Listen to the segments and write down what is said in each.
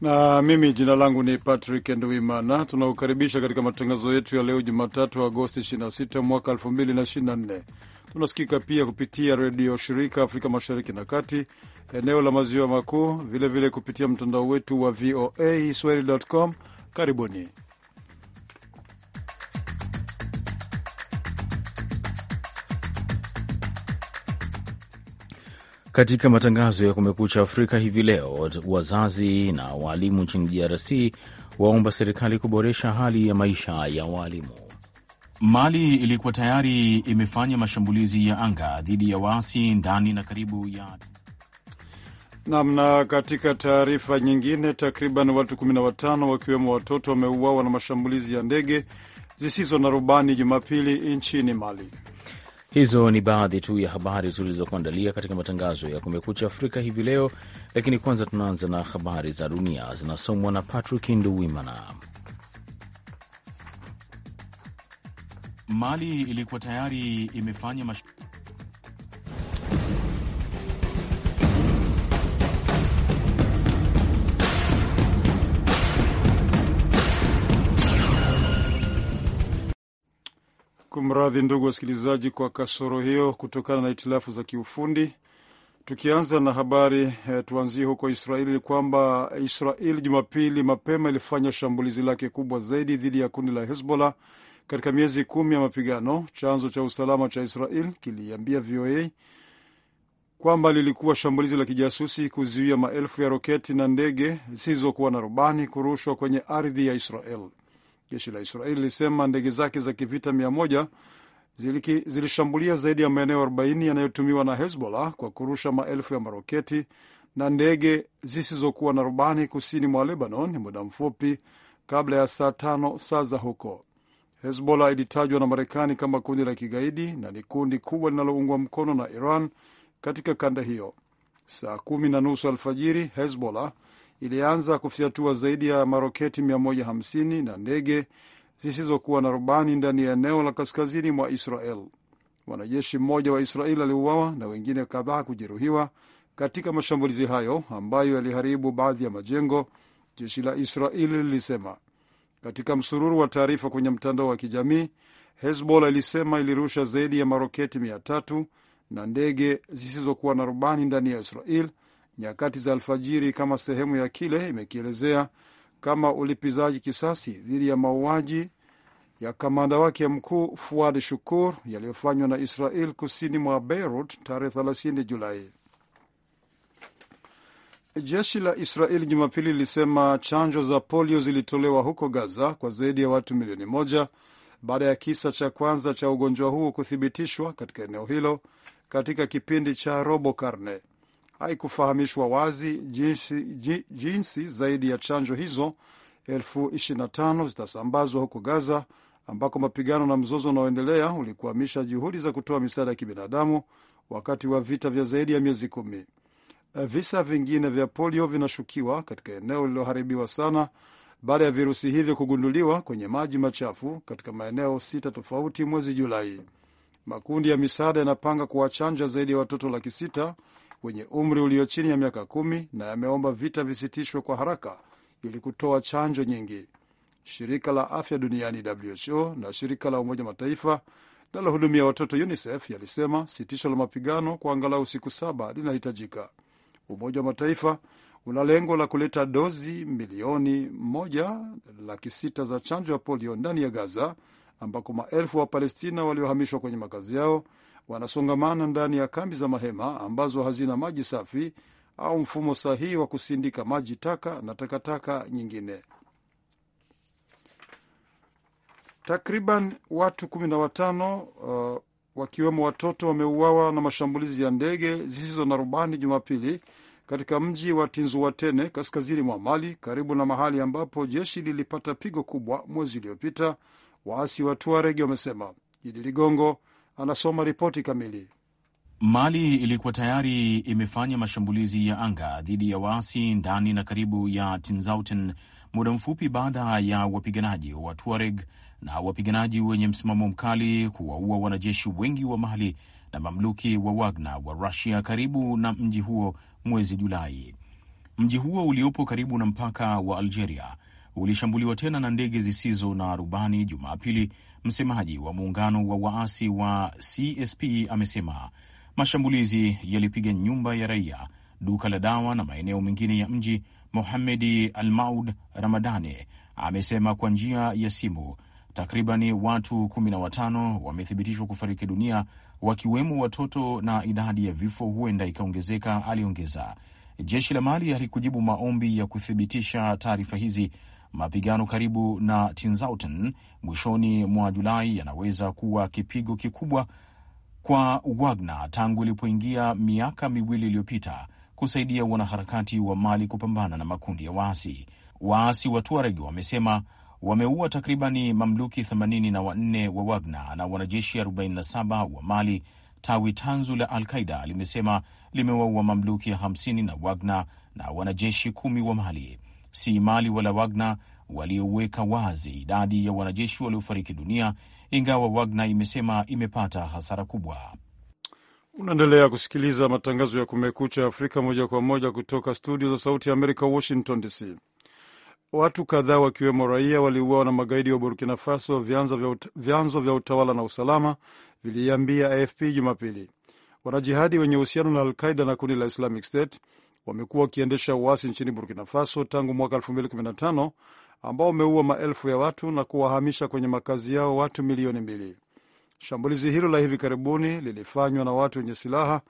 na mimi jina langu ni Patrick Nduimana. Tunakukaribisha katika matangazo yetu ya leo Jumatatu, Agosti 26 mwaka 2024. Tunasikika pia kupitia redio shirika Afrika Mashariki na Kati, eneo la Maziwa Makuu, vilevile kupitia mtandao wetu wa VOA Swahili.com. Karibuni. Katika matangazo ya Kumekucha Afrika hivi leo, wazazi na waalimu nchini DRC waomba serikali kuboresha hali ya maisha ya waalimu. Mali ilikuwa tayari imefanya mashambulizi ya anga dhidi ya waasi ndani na karibu ya namna. Katika taarifa nyingine, takriban watu 15 wakiwemo watoto wameuawa na mashambulizi ya ndege zisizo na rubani Jumapili nchini Mali. Hizo ni baadhi tu ya habari tulizokuandalia katika matangazo ya Kumekucha Afrika hivi leo, lakini kwanza tunaanza na habari za dunia zinasomwa na Patrick Nduwimana. Mali ilikuwa tayari imefanya mash Kumradhi ndugu wasikilizaji kwa kasoro hiyo kutokana na hitilafu za kiufundi. Tukianza na habari eh, tuanzie huko Israeli kwamba Israeli Jumapili mapema ilifanya shambulizi lake kubwa zaidi dhidi ya kundi la Hezbollah katika miezi kumi ya mapigano. Chanzo cha usalama cha Israel kiliambia VOA kwamba lilikuwa shambulizi la kijasusi kuzuia maelfu ya roketi na ndege zisizokuwa na rubani kurushwa kwenye ardhi ya Israel. Jeshi la Israeli lilisema ndege zake za kivita mia moja ziliki, zilishambulia zaidi ya maeneo 40 yanayotumiwa na Hezbollah kwa kurusha maelfu ya maroketi na ndege zisizokuwa na rubani kusini mwa Lebanon muda mfupi kabla ya saa tano saa za huko. Hezbollah ilitajwa na Marekani kama kundi la kigaidi na ni kundi kubwa linaloungwa mkono na Iran katika kanda hiyo. Saa kumi na nusu alfajiri Hezbollah ilianza kufyatua zaidi ya maroketi 150 na ndege zisizokuwa na rubani ndani ya eneo la kaskazini mwa Israel. Mwanajeshi mmoja wa Israel aliuawa na wengine kadhaa kujeruhiwa katika mashambulizi hayo ambayo yaliharibu baadhi ya majengo, jeshi la Israel lilisema. Katika msururu wa taarifa kwenye mtandao wa kijamii, Hezbollah ilisema ilirusha zaidi ya maroketi 300 na ndege zisizokuwa na rubani ndani ya Israel nyakati za alfajiri kama sehemu ya kile imekielezea kama ulipizaji kisasi dhidi ya mauaji ya kamanda wake mkuu Fuad Shukur yaliyofanywa na Israel kusini mwa Beirut tarehe 30 Julai. Jeshi la Israel Jumapili lilisema chanjo za polio zilitolewa huko Gaza kwa zaidi ya watu milioni moja baada ya kisa cha kwanza cha ugonjwa huo kuthibitishwa katika eneo hilo katika kipindi cha robo karne haikufahamishwa wazi jinsi, jinsi zaidi ya chanjo hizo elfu 25 zitasambazwa huko Gaza ambako mapigano na mzozo unaoendelea ulikuamisha juhudi za kutoa misaada ya kibinadamu wakati wa vita vya zaidi ya miezi kumi. Visa vingine vya polio vinashukiwa katika eneo lililoharibiwa sana baada ya virusi hivyo kugunduliwa kwenye maji machafu katika maeneo sita tofauti mwezi Julai. Makundi ya misaada yanapanga kuwachanja zaidi ya watoto laki sita wenye umri ulio chini ya miaka kumi na yameomba vita visitishwe kwa haraka ili kutoa chanjo nyingi. Shirika la afya duniani WHO na shirika la Umoja Mataifa linalohudumia watoto UNICEF yalisema sitisho la mapigano kwa angalau siku saba linahitajika. Umoja wa Mataifa una lengo la kuleta dozi milioni moja laki sita za chanjo ya polio ndani ya Gaza ambako maelfu wa Palestina waliohamishwa kwenye makazi yao wanasongamana ndani ya kambi za mahema ambazo hazina maji safi au mfumo sahihi wa kusindika maji taka na takataka nyingine. Takriban watu 15 uh, wakiwemo watoto wameuawa na mashambulizi ya ndege zisizo na rubani Jumapili katika mji wa Tinzuatene kaskazini mwa Mali, karibu na mahali ambapo jeshi lilipata pigo kubwa mwezi uliopita waasi wa Tuareg wamesema. jidi Ligongo anasoma ripoti kamili. Mali ilikuwa tayari imefanya mashambulizi ya anga dhidi ya waasi ndani na karibu ya Tinzauten muda mfupi baada ya wapiganaji wa Tuareg na wapiganaji wenye msimamo mkali kuwaua wanajeshi wengi wa Mali na mamluki wa Wagner wa Rusia karibu na mji huo mwezi Julai. Mji huo uliopo karibu na mpaka wa Algeria ulishambuliwa tena na ndege zisizo na rubani Jumapili. Msemaji wa muungano wa waasi wa CSP amesema mashambulizi yalipiga nyumba ya raia, duka la dawa na maeneo mengine ya mji. Mohamedi Almaud Ramadani amesema kwa njia ya simu takribani watu 15 wamethibitishwa kufariki dunia wakiwemo watoto na idadi ya vifo huenda ikaongezeka. Aliongeza, jeshi la Mali halikujibu maombi ya kuthibitisha taarifa hizi Mapigano karibu na Tinzauten mwishoni mwa Julai yanaweza kuwa kipigo kikubwa kwa Wagner tangu ilipoingia miaka miwili iliyopita kusaidia wanaharakati wa Mali kupambana na makundi ya waasi. Waasi wa Tuareg wamesema wameua takribani mamluki 84 wa Wagner na wanajeshi 47 wa Mali. Tawi tanzu la Al-Qaida limesema limewaua mamluki 50 na Wagner na wanajeshi kumi wa Mali si Mali wala Wagner walioweka wazi idadi ya wanajeshi waliofariki dunia, ingawa Wagner imesema imepata hasara kubwa. Unaendelea kusikiliza matangazo ya Kumekucha Afrika moja kwa moja kutoka studio za Sauti ya Amerika, Washington DC. Watu kadhaa wakiwemo raia waliuawa na magaidi wa Burkina Faso, vyanzo vya utawala na usalama viliiambia AFP Jumapili. Wanajihadi wenye uhusiano na Alqaida na kundi la Islamic State wamekuwa wakiendesha uasi nchini Burkina Faso tangu mwaka 2015 ambao wameua maelfu ya watu na kuwahamisha kwenye makazi yao watu milioni mbili. Shambulizi hilo la hivi karibuni lilifanywa na watu wenye silaha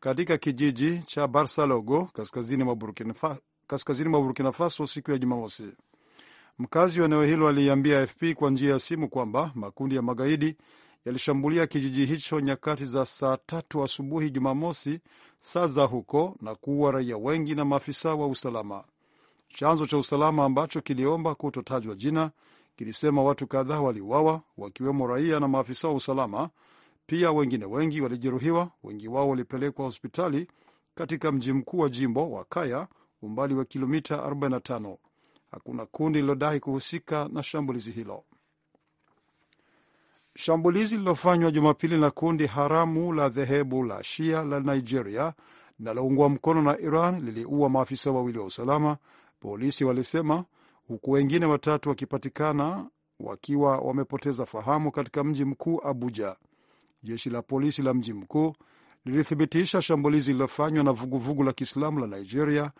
katika kijiji cha Barsalogo kaskazini mwa Burkina Faso, kaskazini mwa Burkina Faso siku ya Jumamosi. Mkazi wa eneo hilo aliiambia AFP kwa njia ya simu kwamba makundi ya magaidi yalishambulia kijiji hicho nyakati za saa tatu asubuhi Jumamosi saa za huko na kuua raia wengi na maafisa wa usalama. Chanzo cha usalama ambacho kiliomba kutotajwa jina kilisema watu kadhaa waliuawa, wakiwemo raia na maafisa wa usalama. Pia wengine wengi walijeruhiwa, wengi wao walipelekwa hospitali katika mji mkuu wa jimbo wa Kaya, umbali wa kilomita 45. Hakuna kundi lilodai kuhusika na shambulizi hilo. Shambulizi lililofanywa Jumapili na kundi haramu la dhehebu la Shia la Nigeria linaloungwa mkono na Iran liliua maafisa wawili wa usalama, polisi walisema, huku wengine watatu wakipatikana wakiwa wamepoteza fahamu katika mji mkuu Abuja. Jeshi la polisi la mji mkuu lilithibitisha shambulizi lililofanywa na vuguvugu la Kiislamu la Nigeria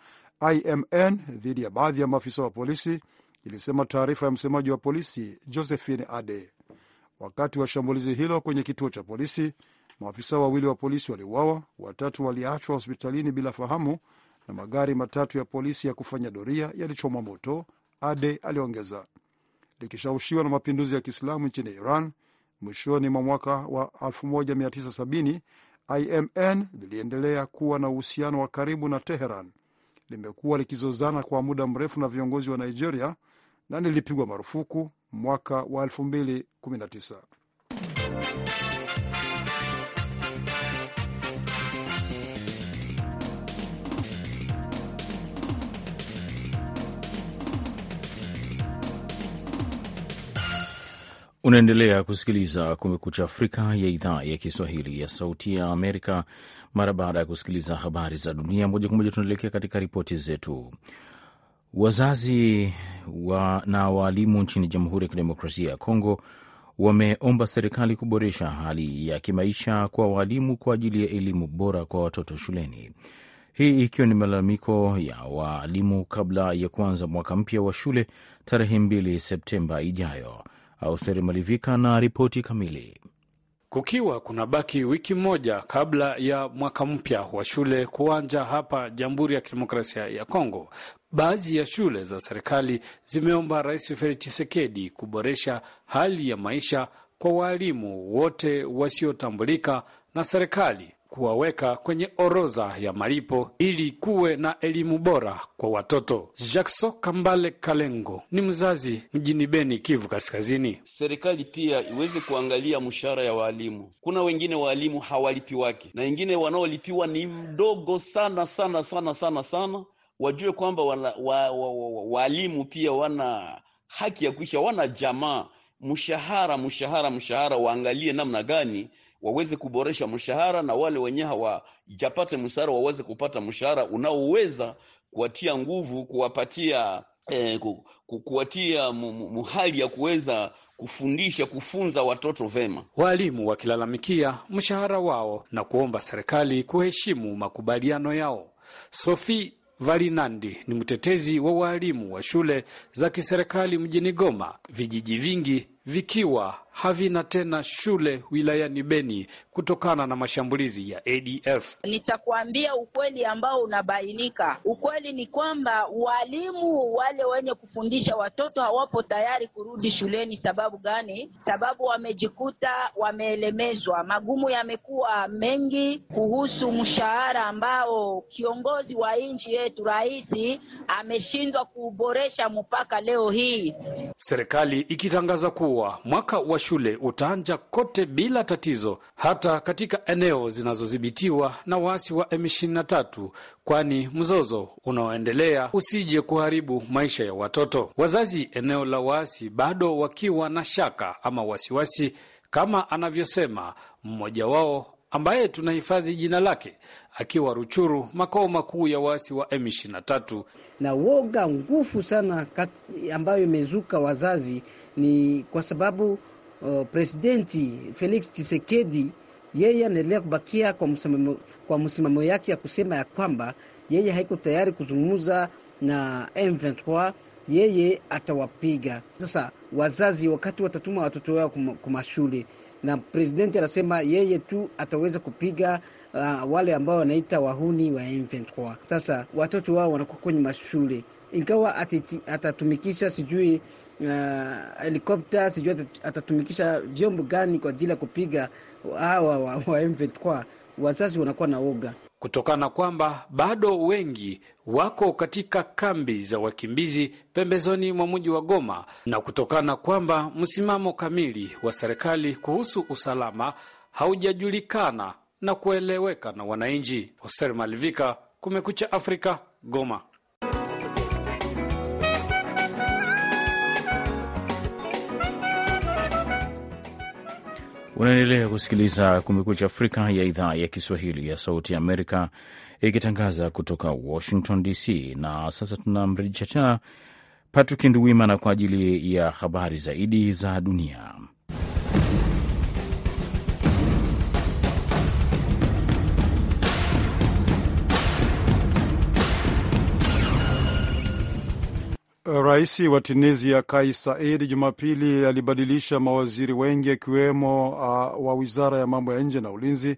IMN dhidi ya baadhi ya maafisa wa polisi, ilisema taarifa ya msemaji wa polisi Josephine Ade. Wakati wa shambulizi hilo kwenye kituo cha polisi, maafisa wawili wa polisi waliuawa, watatu waliachwa hospitalini bila fahamu, na magari matatu ya polisi ya kufanya doria yalichomwa moto, Ade aliongeza. Likishawishiwa na mapinduzi ya Kiislamu nchini Iran mwishoni mwa mwaka wa 1970 IMN liliendelea kuwa na uhusiano wa karibu na Teheran. Limekuwa likizozana kwa muda mrefu na viongozi wa Nigeria na lilipigwa marufuku mwaka wa 2019. Unaendelea kusikiliza Kumekucha Afrika ya idhaa ya Kiswahili ya Sauti ya Amerika. Mara baada ya kusikiliza habari za dunia moja kwa moja, tunaelekea katika ripoti zetu. Wazazi wa na waalimu nchini Jamhuri ya Kidemokrasia ya Kongo wameomba serikali kuboresha hali ya kimaisha kwa waalimu kwa ajili ya elimu bora kwa watoto shuleni, hii ikiwa ni malalamiko ya waalimu kabla ya kuanza mwaka mpya wa shule tarehe 2 Septemba ijayo. Austeri Malivika na ripoti kamili. Kukiwa kuna baki wiki moja kabla ya mwaka mpya wa shule kuanja hapa Jamhuri ya Kidemokrasia ya Kongo, Baadhi ya shule za serikali zimeomba Rais Felix Tshisekedi kuboresha hali ya maisha kwa waalimu wote wasiotambulika na serikali kuwaweka kwenye orodha ya malipo ili kuwe na elimu bora kwa watoto. Jackson Kambale Kalengo ni mzazi mjini Beni, Kivu Kaskazini. Serikali pia iweze kuangalia mshahara ya waalimu. Kuna wengine waalimu hawalipi wake na wengine wanaolipiwa ni mdogo sana sana sana sana sana wajue kwamba walimu wa, wa, wa, pia wana haki ya kuisha, wana jamaa mshahara mshahara mshahara, waangalie namna gani waweze kuboresha mshahara, na wale wenye hawajapata mshahara waweze kupata mshahara unaoweza kuwatia nguvu, kuwapatia eh, kuwatia muhali ya kuweza kufundisha kufunza watoto vema. Walimu wakilalamikia mshahara wao na kuomba serikali kuheshimu makubaliano yao. Sophie Valinandi ni mtetezi wa waalimu wa shule za kiserikali mjini Goma, vijiji vingi vikiwa havina tena shule wilayani Beni kutokana na mashambulizi ya ADF. Nitakuambia ukweli ambao unabainika. Ukweli ni kwamba walimu wale wenye kufundisha watoto hawapo tayari kurudi shuleni. Sababu gani? Sababu wamejikuta wameelemezwa. Magumu yamekuwa mengi kuhusu mshahara ambao kiongozi wa nchi yetu rais ameshindwa kuboresha mpaka leo hii, serikali ikitangaza kuwa mwaka wa shule utaanja kote bila tatizo, hata katika eneo zinazodhibitiwa na waasi wa M23, kwani mzozo unaoendelea usije kuharibu maisha ya watoto. Wazazi eneo la waasi bado wakiwa na shaka ama wasiwasi, kama anavyosema mmoja wao ambaye tunahifadhi jina lake akiwa Ruchuru, makao makuu ya waasi wa M23. Na woga nguvu sana kat, ambayo imezuka wazazi, ni kwa sababu Eh, presidenti Felix Tshisekedi yeye anaendelea kubakia kwa msimamo, kwa msimamo yake ya kusema ya kwamba yeye haiko tayari kuzungumza na M23, yeye atawapiga. Sasa wazazi wakati watatuma watoto wao kwa mashule, na presidenti anasema yeye tu ataweza kupiga uh, wale ambao wanaita wahuni wa M23. Sasa watoto wao wanakuwa kwenye mashule, ingawa atatumikisha sijui helikopta, sijui atatumikisha vyombo gani kwa ajili ya kupiga hawa wa, wa M23. Wazazi wanakuwa na woga kutokana na kwamba bado wengi wako katika kambi za wakimbizi pembezoni mwa mji wa Goma, na kutokana na kwamba msimamo kamili wa serikali kuhusu usalama haujajulikana na kueleweka na wananchi. Hoser Malivika, Kumekucha Afrika, Goma. Unaendelea kusikiliza Kumekucha Afrika ya idhaa ya Kiswahili ya Sauti ya Amerika ikitangaza kutoka Washington DC. Na sasa tunamrejesha tena Patrick Nduwimana kwa ajili ya habari zaidi za dunia. Rais wa Tunisia Kais Said Jumapili alibadilisha mawaziri wengi akiwemo uh, wa wizara ya mambo ya nje na ulinzi.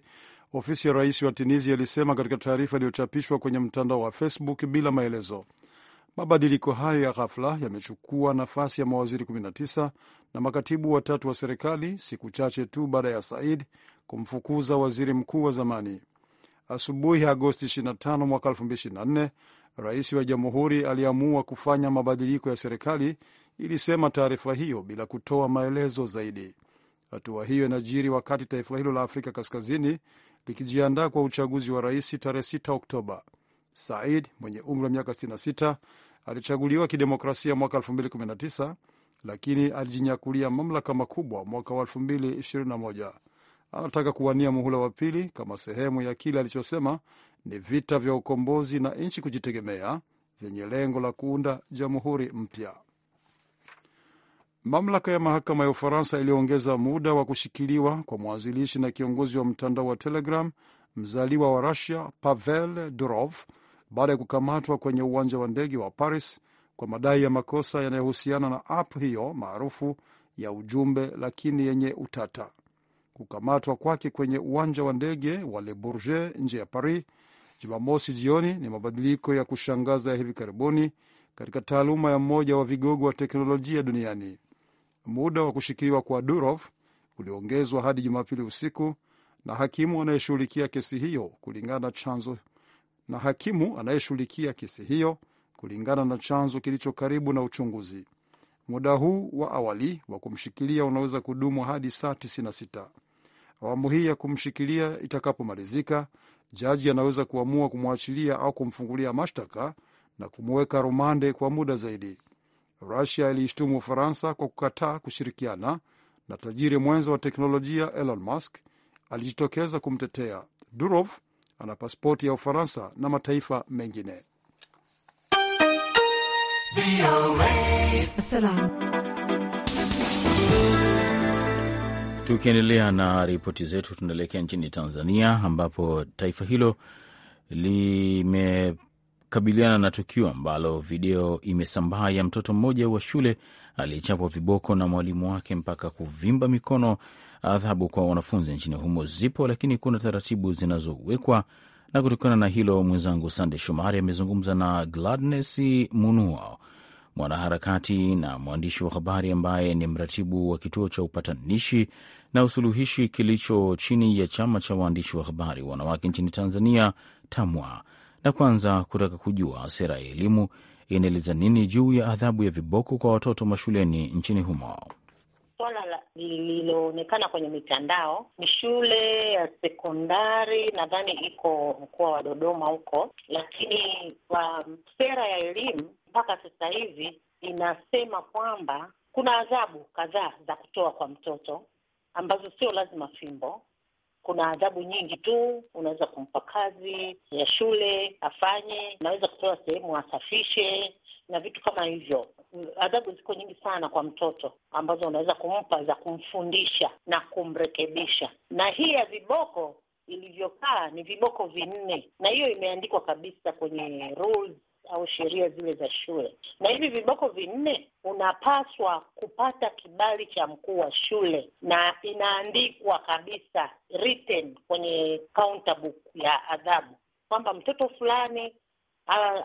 Ofisi ya rais wa Tunisia ilisema katika taarifa iliyochapishwa kwenye mtandao wa Facebook bila maelezo. Mabadiliko hayo ya ghafla yamechukua nafasi ya mawaziri 19 na makatibu watatu wa serikali siku chache tu baada ya Said kumfukuza waziri mkuu wa zamani. Asubuhi Agosti 25 mwaka 2024 rais wa jamhuri aliamua kufanya mabadiliko ya serikali, ilisema taarifa hiyo bila kutoa maelezo zaidi. Hatua hiyo inajiri wakati taifa hilo la Afrika Kaskazini likijiandaa kwa uchaguzi wa rais tarehe 6 Oktoba. Said mwenye umri wa miaka 66 alichaguliwa kidemokrasia mwaka 2019 lakini alijinyakulia mamlaka makubwa mwaka wa 2021. Anataka kuwania muhula wa pili kama sehemu ya kile alichosema ni vita vya ukombozi na nchi kujitegemea vyenye lengo la kuunda jamhuri mpya. Mamlaka ya mahakama ya Ufaransa iliyoongeza muda wa kushikiliwa kwa mwanzilishi na kiongozi wa mtandao wa Telegram mzaliwa wa Rusia Pavel Durov baada ya kukamatwa kwenye uwanja wa ndege wa Paris kwa madai ya makosa yanayohusiana na app hiyo maarufu ya ujumbe lakini yenye utata. Kukamatwa kwake kwenye uwanja wa ndege wa Le Bourget nje ya Paris Jumamosi jioni ni mabadiliko ya kushangaza ya hivi karibuni katika taaluma ya mmoja wa vigogo wa teknolojia duniani. Muda wa kushikiliwa kwa Durov uliongezwa hadi Jumapili usiku na hakimu anayeshughulikia kesi hiyo, kulingana na chanzo na hakimu anayeshughulikia kesi hiyo, kulingana na chanzo kilicho karibu na uchunguzi. Muda huu wa awali wa kumshikilia unaweza kudumu hadi saa 96. Awamu hii ya kumshikilia itakapomalizika, jaji anaweza kuamua kumwachilia au kumfungulia mashtaka na kumuweka rumande kwa muda zaidi. Rusia iliishtumu Ufaransa kwa kukataa kushirikiana na tajiri mwenza wa teknolojia Elon Musk alijitokeza kumtetea. Durov ana paspoti ya Ufaransa na mataifa mengine. Tukiendelea na ripoti zetu, tunaelekea nchini Tanzania ambapo taifa hilo limekabiliana na tukio ambalo video imesambaa ya mtoto mmoja wa shule aliyechapwa viboko na mwalimu wake mpaka kuvimba mikono, adhabu kwa wanafunzi nchini humo zipo, lakini kuna taratibu zinazowekwa na kutokana na hilo, mwenzangu Sande Shomari amezungumza na Gladness Munuo mwanaharakati na mwandishi wa habari ambaye ni mratibu wa kituo cha upatanishi na usuluhishi kilicho chini ya chama cha waandishi wa habari wanawake nchini Tanzania, TAMWA, na kwanza kutaka kujua sera ya elimu inaeleza nini juu ya adhabu ya viboko kwa watoto mashuleni nchini humo. Swala lililoonekana kwenye mitandao ni shule ya sekondari, nadhani iko mkoa wa Dodoma huko, lakini kwa um, sera ya elimu mpaka sasa hivi inasema kwamba kuna adhabu kadhaa za kutoa kwa mtoto ambazo sio lazima fimbo. Kuna adhabu nyingi tu, unaweza kumpa kazi ya shule afanye, unaweza kutoa sehemu asafishe na vitu kama hivyo. Adhabu ziko nyingi sana kwa mtoto ambazo unaweza kumpa za kumfundisha na kumrekebisha. Na hii ya viboko ilivyokaa ni viboko vinne, na hiyo imeandikwa kabisa kwenye rules au sheria zile za shule, na hivi viboko vinne unapaswa kupata kibali cha mkuu wa shule, na inaandikwa kabisa written kwenye counter book ya adhabu kwamba mtoto fulani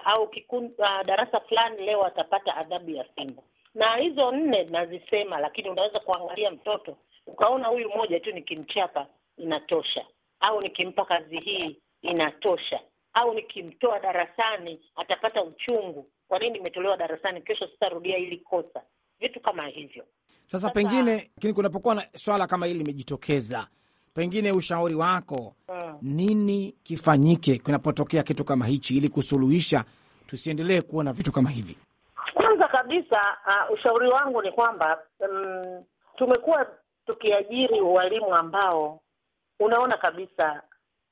au, kikundi, darasa fulani leo atapata adhabu ya fimbo. Na hizo nne nazisema, lakini unaweza kuangalia mtoto ukaona huyu mmoja tu nikimchapa inatosha, au nikimpa kazi hii inatosha au nikimtoa darasani atapata uchungu. Kwa nini nimetolewa darasani? Kesho sitarudia hili kosa, vitu kama hivyo. Sasa, sasa pengine kini kunapokuwa na swala kama hili limejitokeza, pengine ushauri wako hmm, nini kifanyike kinapotokea kitu kama hichi ili kusuluhisha tusiendelee kuona vitu kama hivi? Kwanza kabisa uh, ushauri wangu ni kwamba um, tumekuwa tukiajiri walimu ambao unaona kabisa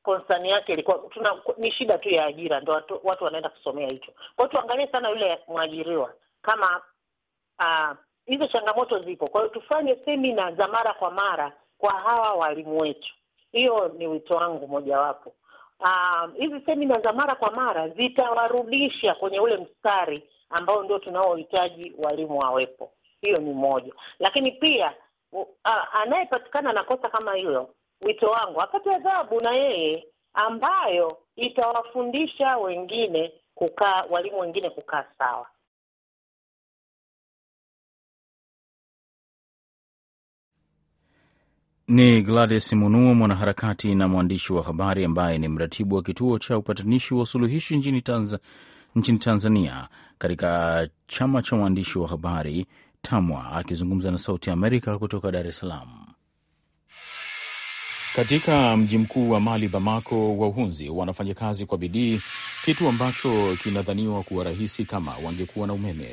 konsani yake ilikuwa tuna, ni shida tu ya ajira, ndo watu, watu wanaenda kusomea hicho. Kwa hiyo tuangalie sana yule mwajiriwa kama ah, hizo uh, changamoto zipo. Kwa hiyo tufanye semina za mara kwa mara kwa hawa walimu wetu, hiyo ni wito wangu mojawapo. Ah, hizi uh, semina za mara kwa mara zitawarudisha kwenye ule mstari ambao ndio tunaohitaji walimu wawepo. Hiyo ni moja, lakini pia uh, anayepatikana na kosa kama hilo wito wangu apate adhabu na yeye ambayo itawafundisha wengine kukaa, walimu wengine kukaa sawa. Ni Gladys Munuo, mwanaharakati na mwandishi wa habari ambaye ni mratibu wa kituo cha upatanishi wa suluhishi nchini Tanzania, nchini Tanzania katika chama cha waandishi wa habari TAMWA, akizungumza na Sauti Amerika kutoka Dar es Salaam. Katika mji mkuu wa Mali, Bamako, wahunzi wanafanya kazi kwa bidii, kitu ambacho kinadhaniwa kuwa rahisi kama wangekuwa na umeme.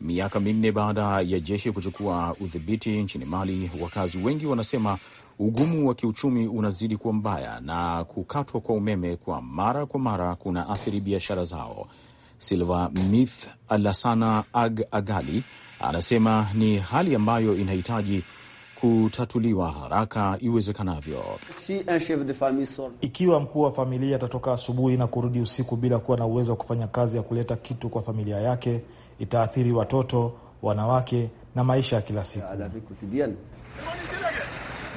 Miaka minne baada ya jeshi kuchukua udhibiti nchini Mali, wakazi wengi wanasema ugumu wa kiuchumi unazidi kuwa mbaya na kukatwa kwa umeme kwa mara kwa mara kuna athiri biashara zao. Silva Mith alasana Ag Agali anasema ni hali ambayo inahitaji kutatuliwa haraka iwezekanavyo. Ikiwa mkuu wa familia atatoka asubuhi na kurudi usiku bila kuwa na uwezo wa kufanya kazi ya kuleta kitu kwa familia yake, itaathiri watoto, wanawake na maisha ya kila siku.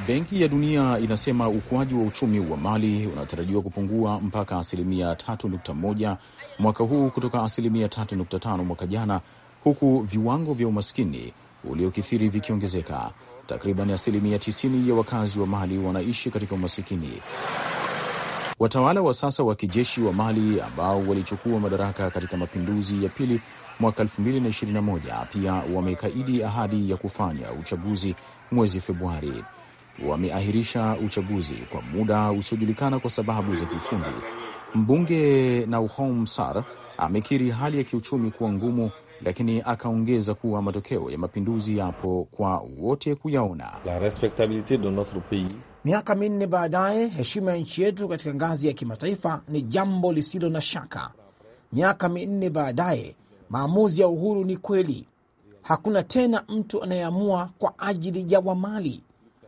Benki ya Dunia inasema ukuaji wa uchumi wa Mali unatarajiwa kupungua mpaka asilimia 3.1 mwaka huu kutoka asilimia 3.5 mwaka jana, huku viwango vya umaskini uliokithiri vikiongezeka. Takriban asilimia 90 ya wakazi wa Mali wanaishi katika umasikini. Watawala wa sasa wa kijeshi wa Mali ambao walichukua madaraka katika mapinduzi ya pili mwaka 2021 pia wamekaidi ahadi ya kufanya uchaguzi mwezi Februari. Wameahirisha uchaguzi kwa muda usiojulikana kwa sababu za kiufundi. Mbunge Nauhom Sar amekiri hali ya kiuchumi kuwa ngumu lakini akaongeza kuwa matokeo ya mapinduzi yapo kwa wote kuyaona. La respectabilite de notre pays. Miaka minne baadaye, heshima ya nchi yetu katika ngazi ya kimataifa ni jambo lisilo na shaka. Miaka minne baadaye, maamuzi ya uhuru ni kweli. Hakuna tena mtu anayeamua kwa ajili ya wamali.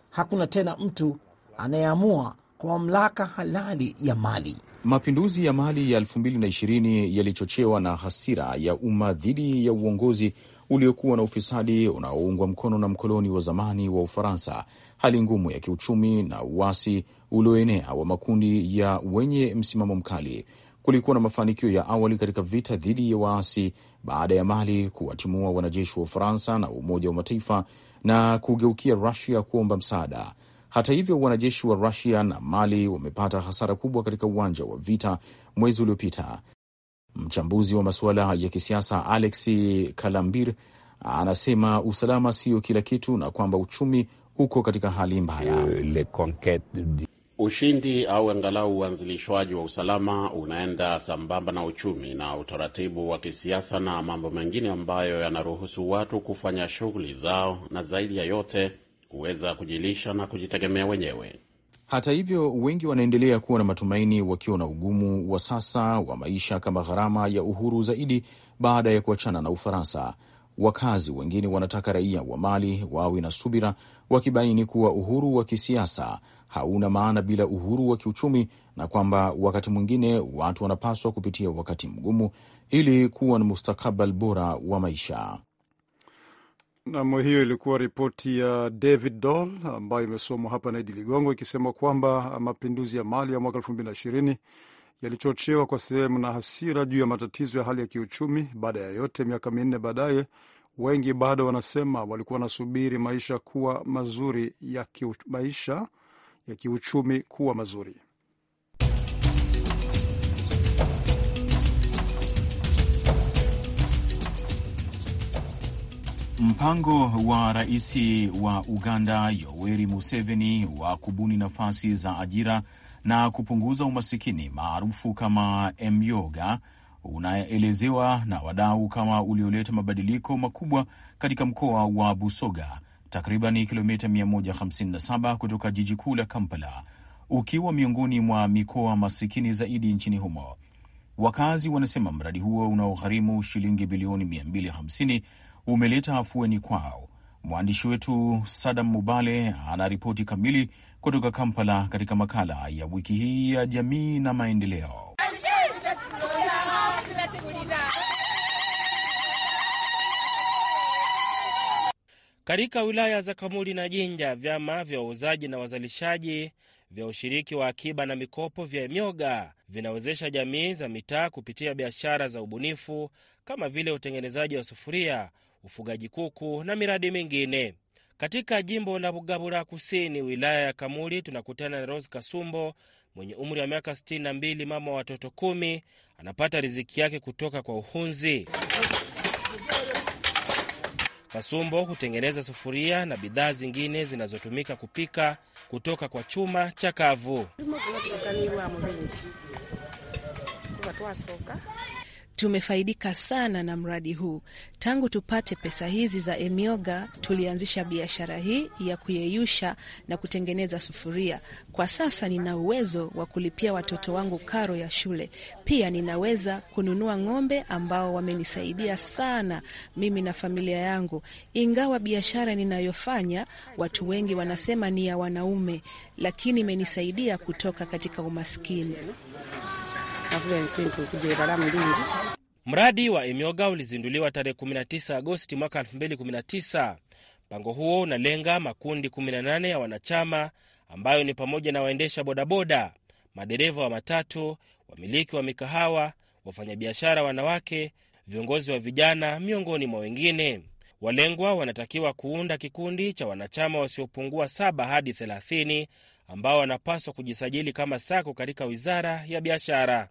Hakuna tena mtu anayeamua kwa mamlaka halali ya mali. Mapinduzi ya Mali ya 2020 yalichochewa na hasira ya umma dhidi ya uongozi uliokuwa na ufisadi unaoungwa mkono na mkoloni wa zamani wa Ufaransa, hali ngumu ya kiuchumi na uasi ulioenea wa makundi ya wenye msimamo mkali. Kulikuwa na mafanikio ya awali katika vita dhidi ya waasi baada ya Mali kuwatimua wanajeshi wa Ufaransa na Umoja wa Mataifa na kugeukia Rusia kuomba msaada. Hata hivyo, wanajeshi wa Rusia na Mali wamepata hasara kubwa katika uwanja wa vita mwezi uliopita. Mchambuzi wa masuala ya kisiasa Alexi Kalambir anasema usalama siyo kila kitu na kwamba uchumi uko katika hali mbaya. Eh, Ushindi au angalau uanzilishwaji wa usalama unaenda sambamba na uchumi na utaratibu wa kisiasa na mambo mengine ambayo yanaruhusu watu kufanya shughuli zao, na zaidi ya yote kuweza kujilisha na kujitegemea wenyewe. Hata hivyo, wengi wanaendelea kuwa na matumaini wakiwa na ugumu wa sasa wa maisha kama gharama ya uhuru zaidi baada ya kuachana na Ufaransa. Wakazi wengine wanataka raia wa Mali wawe na subira, wakibaini kuwa uhuru wa kisiasa hauna maana bila uhuru wa kiuchumi, na kwamba wakati mwingine watu wanapaswa kupitia wakati mgumu ili kuwa na mustakabali bora wa maisha. Nam, hiyo ilikuwa ripoti ya David Dol ambayo imesomwa hapa na Idi Ligongo ikisema kwamba mapinduzi ya Mali ya mwaka elfu mbili na ishirini yalichochewa kwa sehemu na hasira juu ya matatizo ya hali ya kiuchumi. Baada ya yote, miaka minne baadaye, wengi bado wanasema walikuwa wanasubiri maisha kuwa mazuri ya kiuchumi, maisha ya kiuchumi kuwa mazuri. Mpango wa rais wa Uganda Yoweri Museveni wa kubuni nafasi za ajira na kupunguza umasikini maarufu kama Emyoga unaelezewa na wadau kama ulioleta mabadiliko makubwa katika mkoa wa Busoga, takriban kilomita 157 kutoka jiji kuu la Kampala, ukiwa miongoni mwa mikoa masikini zaidi nchini humo. Wakazi wanasema mradi huo unaogharimu shilingi bilioni 250 umeleta afueni kwao. Mwandishi wetu Sadam Mubale anaripoti kamili kutoka Kampala katika makala ya wiki hii ya jamii na maendeleo. Katika wilaya za Kamuli na Jinja, vyama vya wauzaji na wazalishaji vya ushiriki wa akiba na mikopo vya Emyoga vinawezesha jamii za mitaa kupitia biashara za ubunifu kama vile utengenezaji wa sufuria ufugaji kuku na miradi mingine. Katika jimbo la Bugabura Kusini, wilaya ya Kamuli, tunakutana na Rose Kasumbo mwenye umri wa miaka 62, mama wa watoto kumi, anapata riziki yake kutoka kwa uhunzi. Kasumbo hutengeneza sufuria na bidhaa zingine zinazotumika kupika kutoka kwa chuma chakavu. Tumefaidika sana na mradi huu. Tangu tupate pesa hizi za Emioga, tulianzisha biashara hii ya kuyeyusha na kutengeneza sufuria. Kwa sasa nina uwezo wa kulipia watoto wangu karo ya shule, pia ninaweza kununua ng'ombe ambao wamenisaidia sana mimi na familia yangu. Ingawa biashara ninayofanya watu wengi wanasema ni ya wanaume, lakini imenisaidia kutoka katika umaskini. Mradi wa Emyoga ulizinduliwa tarehe 19 Agosti mwaka 2019. Mpango huo unalenga makundi 18 ya wanachama ambayo ni pamoja na waendesha bodaboda, madereva wa matatu, wamiliki wa mikahawa, wafanyabiashara wanawake, viongozi wa vijana, miongoni mwa wengine. Walengwa wanatakiwa kuunda kikundi cha wanachama wasiopungua saba hadi 30 ambao wanapaswa kujisajili kama sako katika wizara ya biashara.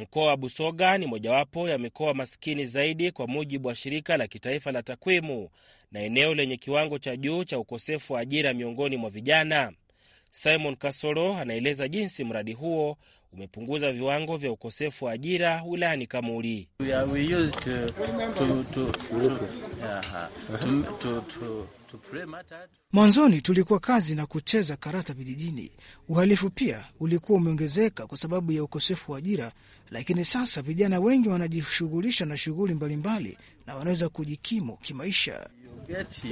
Mkoa wa Busoga ni mojawapo ya mikoa masikini zaidi kwa mujibu wa shirika la kitaifa la takwimu na eneo lenye kiwango cha juu cha ukosefu wa ajira miongoni mwa vijana. Simon Kasoro anaeleza jinsi mradi huo umepunguza viwango vya ukosefu wa ajira wilayani Kamuli. Mwanzoni tulikuwa kazi na kucheza karata vijijini. Uhalifu pia ulikuwa umeongezeka kwa sababu ya ukosefu wa ajira, lakini sasa vijana wengi wanajishughulisha na shughuli mbalimbali na wanaweza kujikimu kimaisha. It,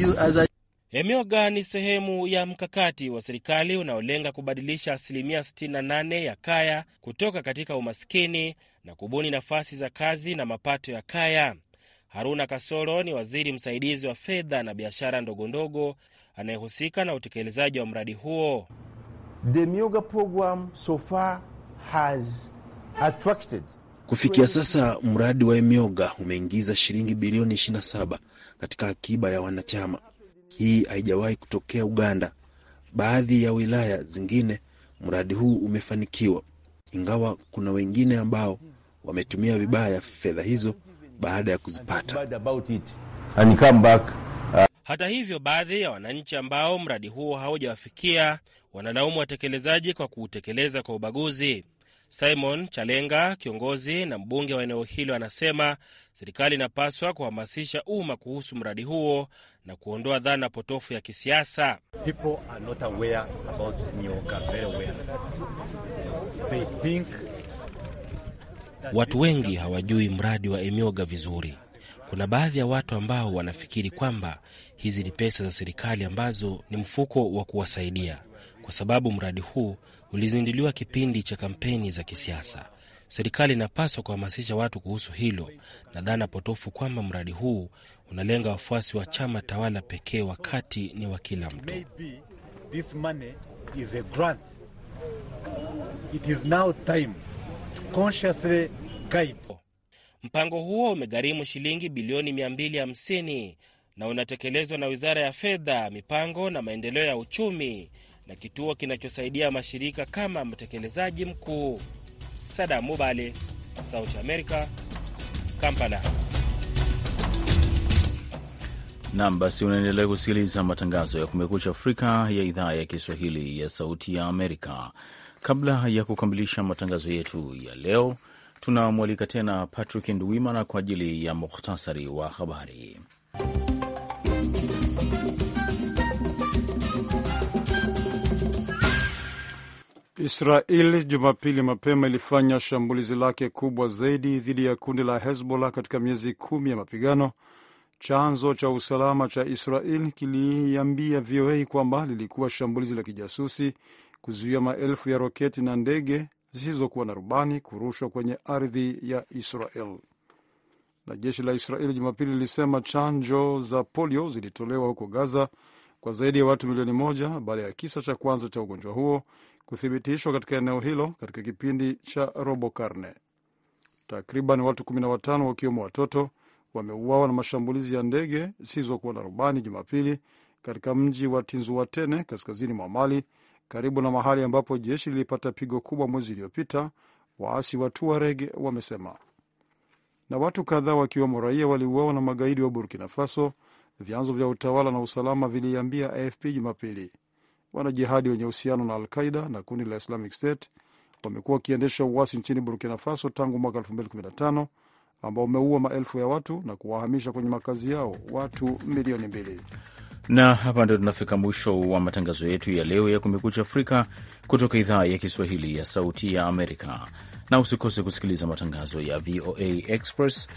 you, Emioga ni sehemu ya mkakati wa serikali unaolenga kubadilisha asilimia 68 ya kaya kutoka katika umaskini na kubuni nafasi za kazi na mapato ya kaya. Haruna Kasoro ni waziri msaidizi wa fedha na biashara ndogondogo anayehusika na utekelezaji wa mradi huo. The Mioga program so far has attracted Kufikia sasa mradi wa Emioga umeingiza shilingi bilioni 27 katika akiba ya wanachama hii haijawahi kutokea Uganda. Baadhi ya wilaya zingine mradi huu umefanikiwa, ingawa kuna wengine ambao wametumia vibaya fedha hizo baada ya kuzipata. Uh, Hata hivyo, baadhi ya wananchi ambao mradi huo haujawafikia wanalaumu watekelezaji kwa kuutekeleza kwa ubaguzi. Simon Chalenga, kiongozi na mbunge wa eneo hilo, anasema serikali inapaswa kuhamasisha umma kuhusu mradi huo na kuondoa dhana potofu ya kisiasa. Watu wengi hawajui mradi wa Emyoga vizuri. Kuna baadhi ya watu ambao wanafikiri kwamba hizi ni pesa za serikali ambazo ni mfuko wa kuwasaidia, kwa sababu mradi huu ulizinduliwa kipindi cha kampeni za kisiasa. Serikali inapaswa kuhamasisha watu kuhusu hilo na dhana potofu kwamba mradi huu unalenga wafuasi wa chama tawala pekee, wakati ni wa kila mtu. Mpango huo umegharimu shilingi bilioni 250 na unatekelezwa na Wizara ya Fedha, Mipango na Maendeleo ya Uchumi na kituo kinachosaidia mashirika kama mtekelezaji mkuu. Sada Mubale, Sauti America, Kampala. Nam, basi unaendelea kusikiliza matangazo ya Kumekucha Afrika ya idhaa ya Kiswahili ya Sauti ya Amerika. Kabla ya kukamilisha matangazo yetu ya leo, tunamwalika tena Patrick Nduwimana kwa ajili ya mukhtasari wa habari. Israel Jumapili mapema ilifanya shambulizi lake kubwa zaidi dhidi ya kundi la Hezbollah katika miezi kumi ya mapigano. Chanzo cha usalama cha Israel kiliambia VOA kwamba lilikuwa shambulizi la kijasusi kuzuia maelfu ya roketi na ndege zisizokuwa na rubani kurushwa kwenye ardhi ya Israel. Na jeshi la Israel Jumapili lilisema chanjo za polio zilitolewa huko Gaza kwa zaidi ya watu milioni moja baada ya kisa cha kwanza cha ugonjwa huo kuthibitishwa katika eneo hilo katika kipindi cha robo karne. Takriban watu 15 wakiwemo watoto wameuawa na mashambulizi ya ndege zisizokuwa na rubani Jumapili katika mji wa Tinzuatene kaskazini mwa Mali, karibu na mahali ambapo jeshi lilipata pigo kubwa mwezi uliopita, waasi wa Tuareg wamesema. Na watu kadhaa wakiwemo raia waliuawa na magaidi wa Burkina Faso, vyanzo vya utawala na usalama viliambia AFP Jumapili. Wanajihadi wenye uhusiano na Alqaida na kundi la Islamic State wamekuwa wakiendesha uasi nchini Burkina Faso tangu mwaka 2015 ambao umeua maelfu ya watu na kuwahamisha kwenye makazi yao watu milioni mbili. Na hapa ndio tunafika mwisho wa matangazo yetu ya leo ya Kumekucha Afrika kutoka idhaa ya Kiswahili ya Sauti ya Amerika, na usikose kusikiliza matangazo ya VOA Express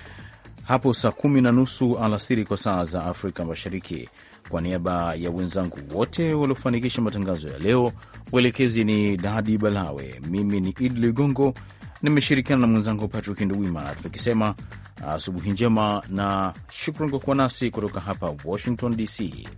hapo saa kumi na nusu alasiri kwa saa za Afrika Mashariki. Kwa niaba ya wenzangu wote waliofanikisha matangazo ya leo, mwelekezi ni Dadi Balawe, mimi ni Idi Ligongo, nimeshirikiana na mwenzangu Patrick Nduwimana, tukisema asubuhi njema na shukran kwa kuwa nasi kutoka hapa Washington DC.